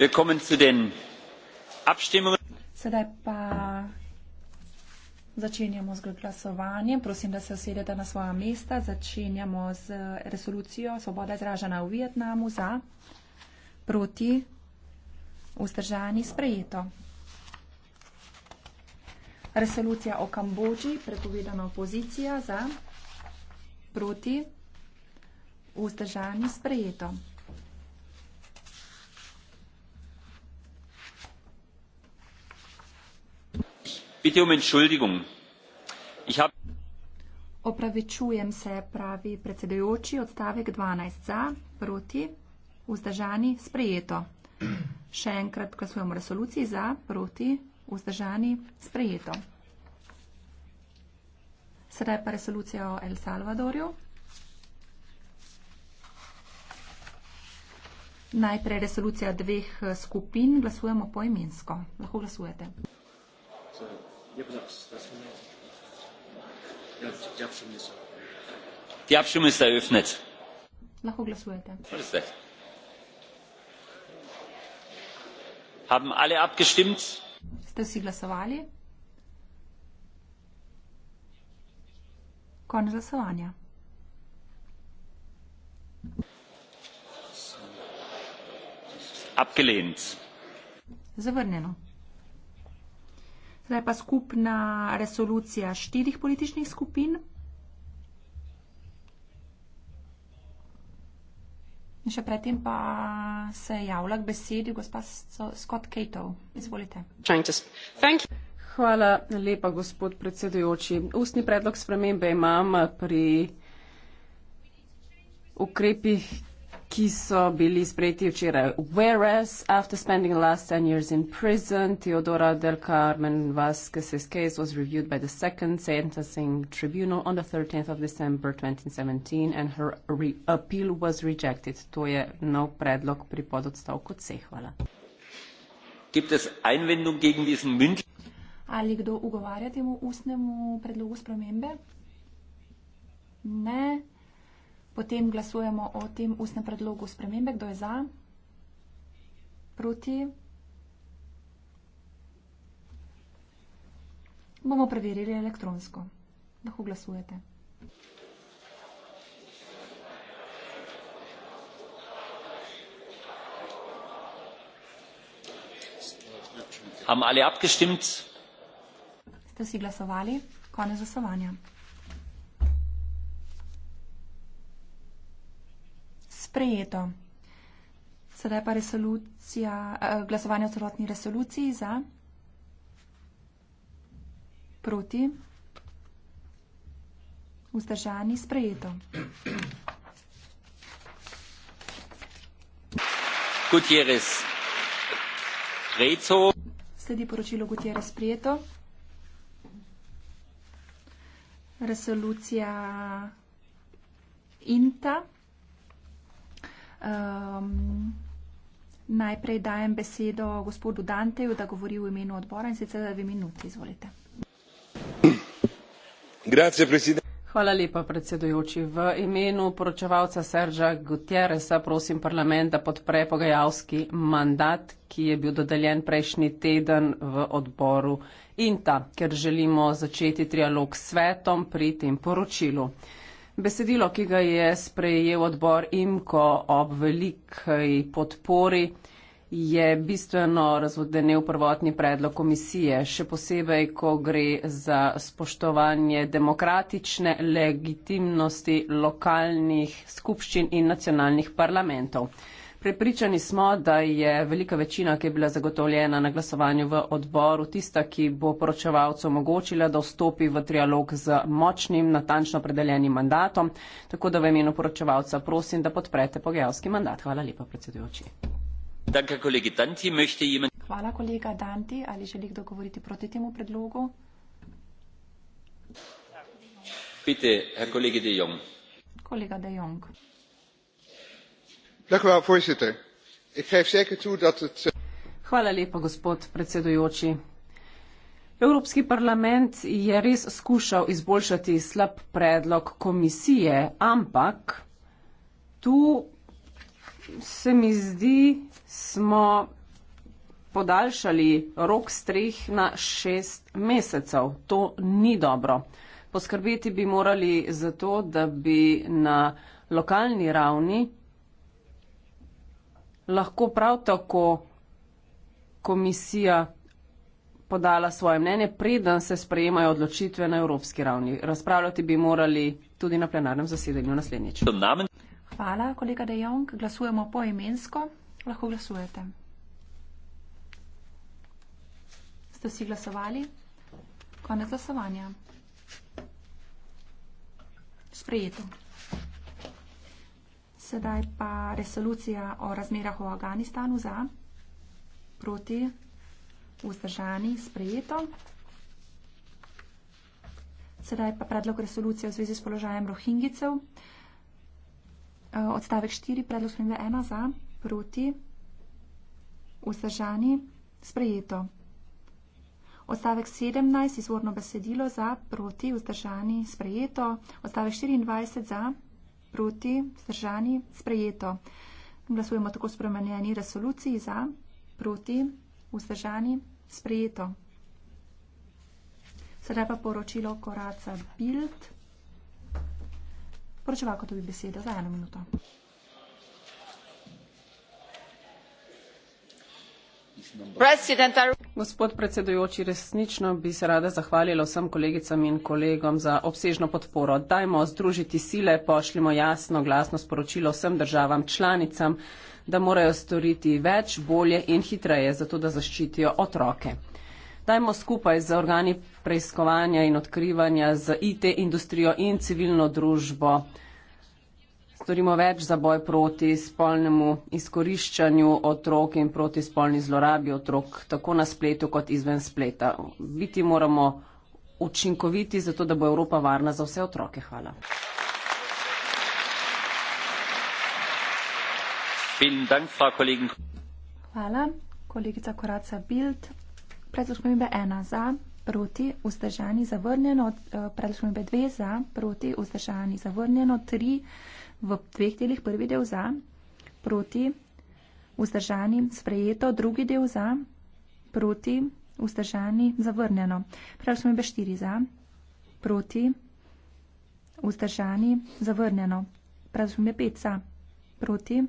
Sedaj pa začenjamo z glasovanjem. Prosim, da se osedete na svoja mesta. Začenjamo z resolucijo Svoboda izražena v Vietnamu za, proti, vzdržani, sprejeto. Resolucija o Kambodži, prepovedana opozicija za, proti, vzdržani, sprejeto. Um Opravičujem se, pravi predsedujoči, odstavek 12 za, proti, vzdržani, sprejeto. Še enkrat glasujemo resoluciji za, proti, vzdržani, sprejeto. Sedaj pa resolucija o El Salvadorju. Najprej resolucija dveh eh, skupin, glasujemo poimensko. Lahko glasujete. Die Abstimmung, ja, ja, die Abstimmung ist eröffnet. Die Abstimmung ist eröffnet. Nach Uglaswelte. Haben alle abgestimmt? Stessi glasovali? Konec glasovanja. Abgelehnt. Zavrnjeno. Zdaj je pa skupna resolucija štirih političnih skupin. Še predtem pa se je javila k besedi gospa Scott Cato. Izvolite. Hvala lepa, gospod predsedujoči. Ustni predlog spremembe imam pri ukrepih, ki so bili sprejeti včeraj. Whereas after spending the last 10 years in prison, Teodora del Carmen Vasquez's case was reviewed by the second sentencing tribunal on the 13th of December 2017 and her re appeal was rejected. To je nov predlog pri pododstavku C. Hvala. Gibt es Einwendung gegen diesen Münch? Ali kdo ugovarja temu ustnemu predlogu spremembe? Ne. Potem glasujemo o tem ustnem predlogu spremembe. Kdo je za? Proti? Bomo preverili elektronsko. Lahko glasujete. Ste vsi glasovali? Konec glasovanja. sprejeto. Sedaj pa resolucija, eh, glasovanje o celotni resoluciji za, proti, vzdržani, sprejeto. Gutierrez. Prejco. Sledi poročilo Gutierrez sprejeto. Resolucija INTA. Um, najprej dajem besedo gospodu Danteju, da govori v imenu odbora in sicer dve minuti. Izvolite. Grazie, Hvala lepa, predsedujoči. V imenu poročevalca Serža Gutjeresa prosim parlament, da podpre pogajalski mandat, ki je bil dodeljen prejšnji teden v odboru INTA, ker želimo začeti trialog s svetom pri tem poročilu. Besedilo, ki ga je sprejel odbor IMKO ob veliki podpori, je bistveno razvodenil prvotni predlog komisije, še posebej, ko gre za spoštovanje demokratične legitimnosti lokalnih skupščin in nacionalnih parlamentov. Prepričani smo, da je velika večina, ki je bila zagotovljena na glasovanju v odboru, tista, ki bo poročevalcu omogočila, da vstopi v trialog z močnim, natančno predeljenim mandatom. Tako da v imenu poročevalca prosim, da podprete pogajalski mandat. Hvala lepa, predsedujoči. Hvala, kolega Danti. Ali želi kdo govoriti proti temu predlogu? Bitte, Herr Kollege de Jong. Kollege de Jong. Eh, evropski parlament je res skušal izboljšati slab predlog komisije ampak tu se mi zdi smo podaljšali rok s treh na šest mesecev to ni dobro poskrbeti bi morali za to da bi na lokalni ravni lahko prav tako komisija podala svoje mnenje, preden se sprejemajo odločitve na evropski ravni. Razpravljati bi morali tudi na plenarnem zasedanju naslednjič. Hvala, kolega Dejong. Glasujemo poimensko. Lahko glasujete. Ste vsi glasovali? Konec glasovanja. Sprejeto. Sedaj pa resolucija o razmerah v Afganistanu za, proti, vzdržani, sprejeto. Sedaj pa predlog resolucije v zvezi s položajem rohingicev. Eh, odstavek 4, predlog spremembe 1 za, proti, vzdržani, sprejeto. Odstavek 17, izvorno besedilo za, proti, vzdržani, sprejeto. Odstavek 24 za, proti proti, vzdržani, sprejeto. Glasujemo tako spremenjeni resoluciji za, proti, vzdržani, sprejeto. Sedaj pa poročilo Koraca Bild. Poročeva, kot bi besedo, za eno minuto. President, Gospod predsedujoči, resnično bi se rada zahvalila vsem kolegicam in kolegom za obsežno podporo. Dajmo združiti sile, pošljimo jasno, glasno sporočilo vsem državam članicam, da morajo storiti več, bolje in hitreje, zato da zaščitijo otroke. Dajmo skupaj z organi preiskovanja in odkrivanja, z IT industrijo in civilno družbo storimo več za boj proti spolnemu izkoriščanju otrok in proti spolni zlorabi otrok, tako na spletu kot izven spleta. Biti moramo učinkoviti, zato da bo Evropa varna za vse otroke. Hvala. Hvala, kolegica Koraca Bild. Predložkom je ena za, proti, vzdržani, zavrnjeno, eh, predložkom je dve za, proti, vzdržani, zavrnjeno, tri, v dveh delih prvi del za, proti, vzdržani, sprejeto, drugi del za, proti, vzdržani, zavrnjeno. Prav smo imeli štiri za, proti, vzdržani, zavrnjeno. Prav smo imeli pet za, proti,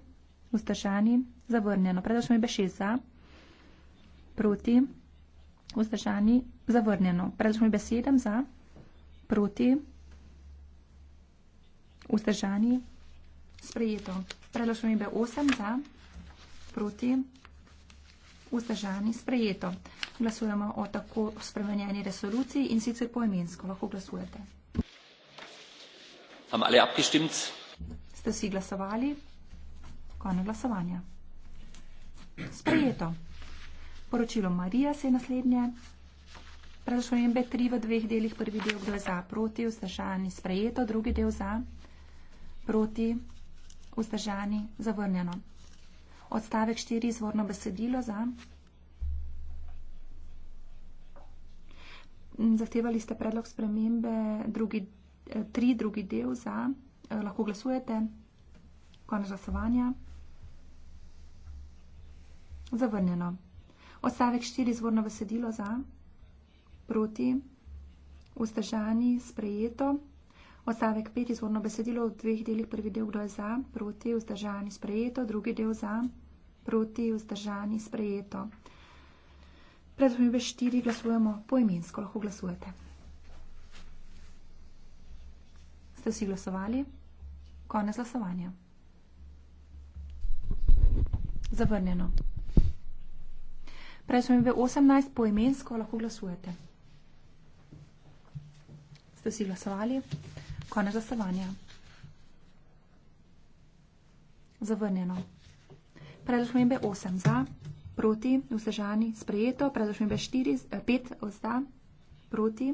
vzdržani, zavrnjeno. Prav smo imeli šest za, proti, vzdržani, zavrnjeno. Prav smo imeli sedem za, proti, vzdržani, zavrnjeno sprejeto. Predlošen je bil 8 za, proti, vzdržani, sprejeto. Glasujemo o tako spremenjeni resoluciji in sicer poemensko. Lahko glasujete. Ste vsi glasovali? Konec glasovanja. Sprejeto. Poročilo Marija se je naslednje. Predlošen je bil 3 v dveh delih. Prvi del, kdo je za, proti, vzdržani, sprejeto. Drugi del za, proti, vzdržani vzdržani, zavrnjeno. Odstavek štiri, izvorno besedilo za. Zahtevali ste predlog spremembe, drugi, eh, tri drugi del za. Eh, lahko glasujete. Konec glasovanja. Zavrnjeno. Odstavek štiri, izvorno besedilo za. Proti. Vzdržani, sprejeto. Odstavek 5 izvorno besedilo v dveh delih. Prvi del, kdo je za, proti, vzdržani, sprejeto. Drugi del za, proti, vzdržani, sprejeto. Pred vami več štiri glasujemo poimensko, lahko glasujete. Ste vsi glasovali? Konec glasovanja. Zavrnjeno. Prej smo imeli 18 poimensko, lahko glasujete. Ste vsi glasovali? Konec glasovanja. Zavrnjeno. Predlog šmembe 8 za, proti, vzdržani, sprejeto. Predlog šmembe 5 eh, za, proti,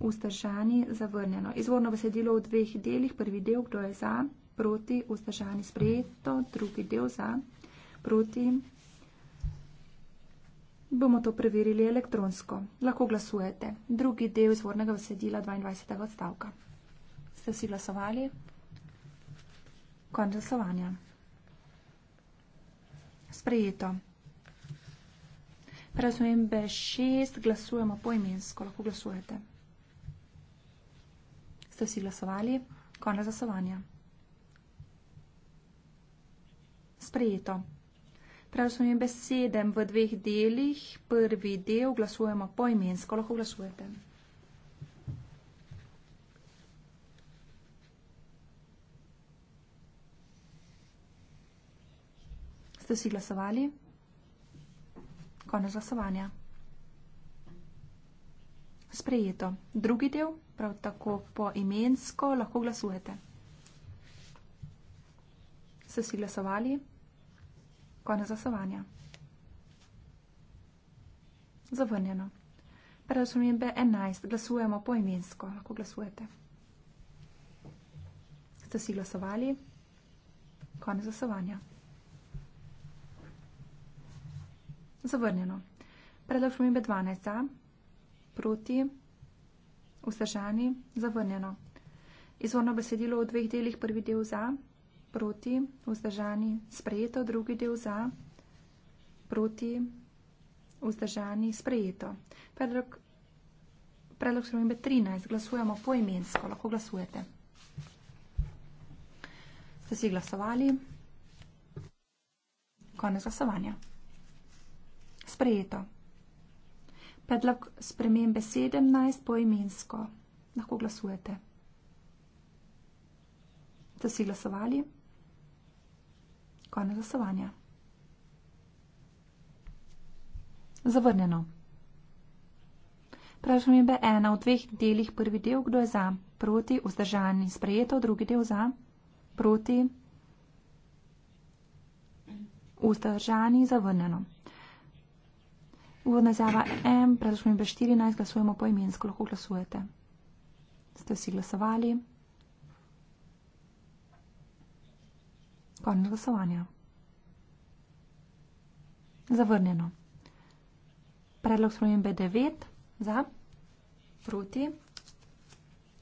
vzdržani, zavrnjeno. Izvorno besedilo v dveh delih. Prvi del, kdo je za, proti, vzdržani, sprejeto. Drugi del za, proti. Bomo to preverili elektronsko. Lahko glasujete. Drugi del izvornega besedila 22. odstavka. Ste vsi glasovali? Konč glasovanja. Sprejeto. Prazumem B6, glasujemo poimensko, lahko glasujete. Ste vsi glasovali? Konč glasovanja. Sprejeto. Prazumem B7 v dveh delih, prvi del, glasujemo poimensko, lahko glasujete. Sprejeto. ste si glasovali? Konec glasovanja. Sprejeto. Drugi del, prav tako po imensko, lahko glasujete. Ste si glasovali? Konec glasovanja. Zavrnjeno. Predosumljenbe 11. Glasujemo po imensko. Lahko glasujete. Ste si glasovali? Konec glasovanja. Zavrnjeno. Predlog spremembe 12 za, proti, vzdržani, zavrnjeno. Izvorno besedilo v dveh delih, prvi del za, proti, vzdržani, sprejeto, drugi del za, proti, vzdržani, sprejeto. Predlog, predlog spremembe 13, glasujemo poimensko, lahko glasujete. Ste si glasovali? Konec glasovanja sprejeto. Predlog spremembe 17 poimensko. Lahko glasujete. Ste vsi glasovali? Konec glasovanja. Zavrnjeno. Vprašam je ena v dveh delih prvi del, kdo je za, proti, vzdržani, sprejeto, drugi del za, proti, vzdržani, zavrnjeno. Uvodna izjava M, predložbe B14, glasujemo po imensko, lahko glasujete. Ste vsi glasovali? Konec glasovanja. Zavrnjeno. Predlog spremem B9, za, proti,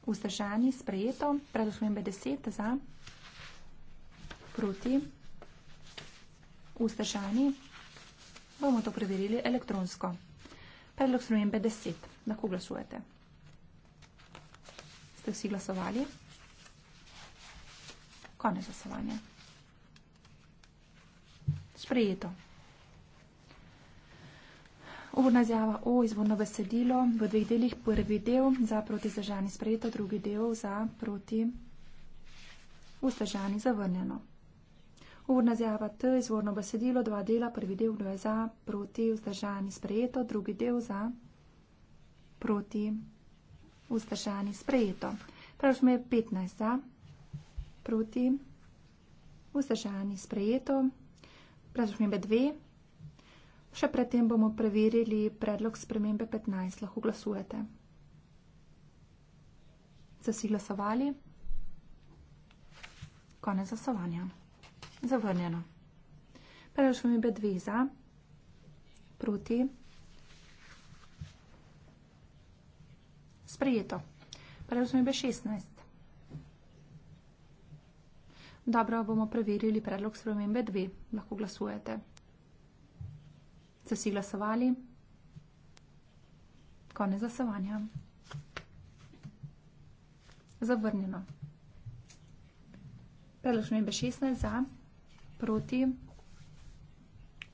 vzdržani, sprejeto. Predlog spremem B10, za, proti, vzdržani, sprejeto bomo to preverili elektronsko. Predlog spremembe 10. Lahko glasujete. Ste vsi glasovali? Konec glasovanja. Sprejeto. Uvodna izjava o izvodno besedilo v dveh delih. Prvi del za proti zdržani sprejeto, drugi del za proti vzdržani zavrnjeno. Urna zjava T, izvorno besedilo, dva dela, prvi del, kdo je za, proti, vzdržani, sprejeto, drugi del za, proti, vzdržani, sprejeto. Pravš me je 15 za, proti, vzdržani, sprejeto, pravš me je 2. Še predtem bomo preverili predlog spremembe 15, lahko glasujete. So si glasovali? Konec glasovanja. Zavrnjeno. Predlož mi B2 za. Proti. Sprejeto. Predlož mi B16. Dobro, bomo preverili predlog spremembe 2. Lahko glasujete. Se vsi glasovali? Konec glasovanja. Zavrnjeno. Predlog spremembe 16 za proti,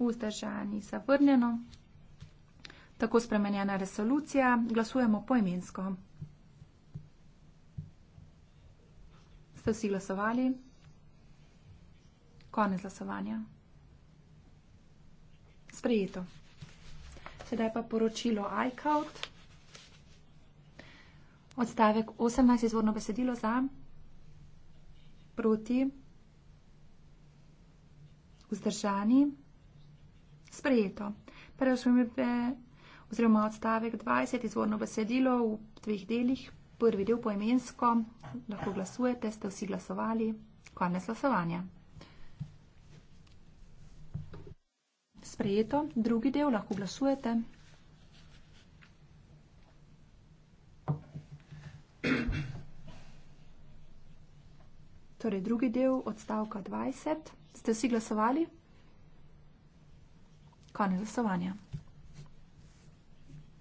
vzdržani, zavrnjeno. Tako spremenjena resolucija, glasujemo poimensko. Ste vsi glasovali? Konec glasovanja. Sprejeto. Sedaj pa poročilo iCloud. Odstavek 18 izvorno besedilo za proti vzdržani, sprejeto. Prvo smo imeli oziroma odstavek 20, izvorno besedilo v dveh delih, prvi del poemensko, lahko glasujete, ste vsi glasovali, konec glasovanja. Sprejeto, drugi del lahko glasujete. Torej, drugi del odstavka 20. Ste vsi glasovali? Konec glasovanja.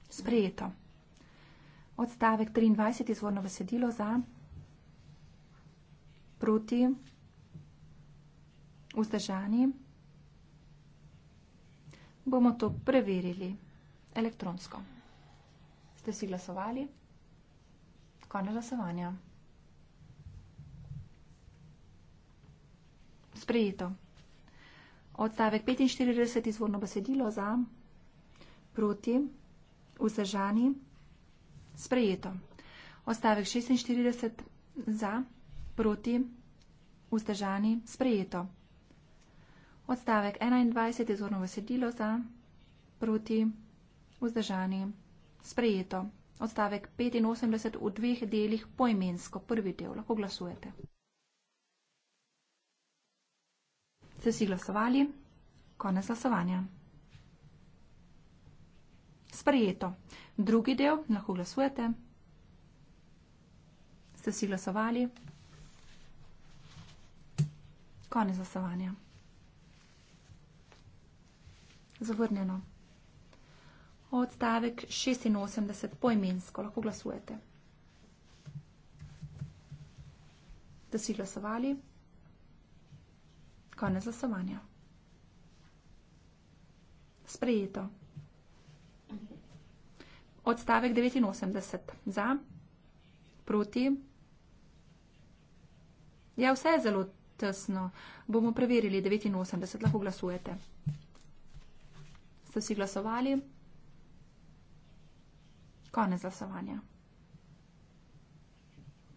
Sprejeto. Odstavek 23 izvorno besedilo za proti vzdržani. Bomo to preverili elektronsko. Ste vsi glasovali? Konec glasovanja. sprejeto. Odstavek 45 izvorno besedilo za, proti, vzdržani, sprejeto. Odstavek 46 za, proti, vzdržani, sprejeto. Odstavek 21 izvorno besedilo za, proti, vzdržani, sprejeto. Odstavek 85 v dveh delih poimensko, prvi del, lahko glasujete. Ste si glasovali? Konec glasovanja. Sprejeto. Drugi del lahko glasujete. Ste si glasovali? Konec glasovanja. Zavrnjeno. Odstavek 86 poimensko lahko glasujete. Ste si glasovali? Konec glasovanja. Sprejeto. Odstavek 89. Za, proti. Ja, vse je zelo tesno. Bomo preverili 89. Lahko glasujete. Ste vsi glasovali? Konec glasovanja.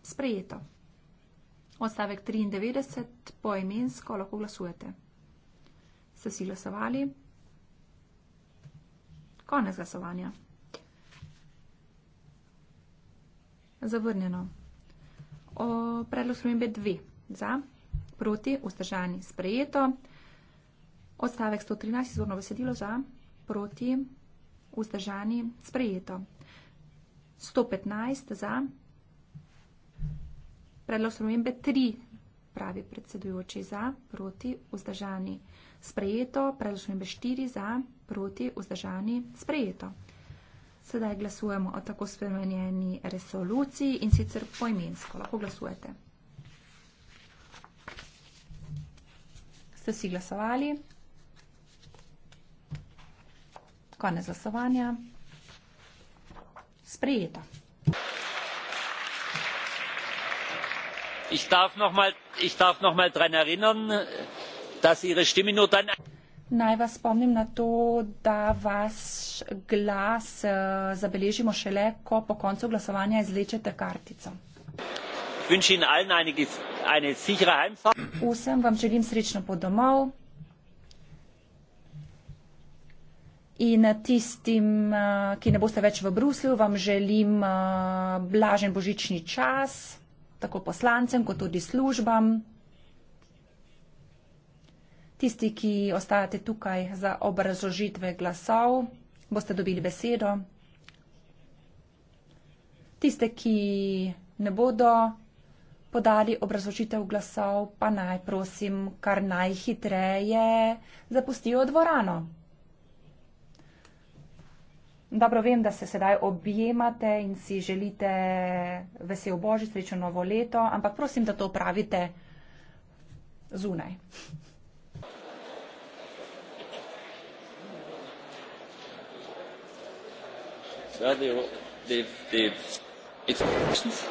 Sprejeto. Odstavek 93, poimensko lahko glasujete. Ste si glasovali? Konec glasovanja. Zavrnjeno. O predlog spremembe 2. Za, proti, vzdržani, sprejeto. Odstavek 113, izvorno besedilo za, proti, vzdržani, sprejeto. 115 za, Predlog spremembe tri pravi predsedujoči za, proti, vzdržani. Sprejeto. Predlog spremembe štiri za, proti, vzdržani. Sprejeto. Sedaj glasujemo o tako spremenjeni resoluciji in sicer poimensko. Lahko glasujete. Ste si glasovali? Konec glasovanja. Sprejeto. Naj vas spomnim na to, da vaš glas eh, zabeležimo šele, ko po koncu glasovanja izlečete kartico. Vsem vam želim srečno pot domov in tistim, eh, ki ne boste več v Bruslju, vam želim eh, blažen božični čas tako poslancem kot tudi službam. Tisti, ki ostajate tukaj za obrazložitve glasov, boste dobili besedo. Tiste, ki ne bodo podali obrazložitev glasov, pa naj prosim kar najhitreje zapustijo dvorano. Dobro vem, da se sedaj objemate in si želite vesel božič, srečno novo leto, ampak prosim, da to pravite zunaj. Zadevo, dev, dev. It's Christmas.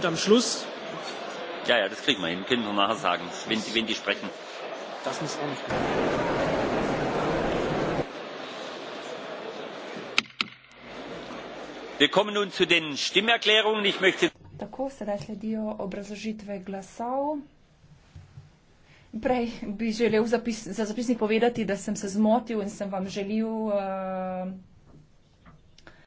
und am Schluss. Ja, ja, das kriegen wir hin. Können wir nachher sagen, wenn die, wenn die sprechen. Das muss auch nicht. Wir kommen nun zu den Stimmerklärungen. Ich möchte. Tako, sedaj sledijo obrazložitve glasov. Prej bi želel zapis, za zapisnik povedati, da sem se zmotil in sem vam želil. Uh,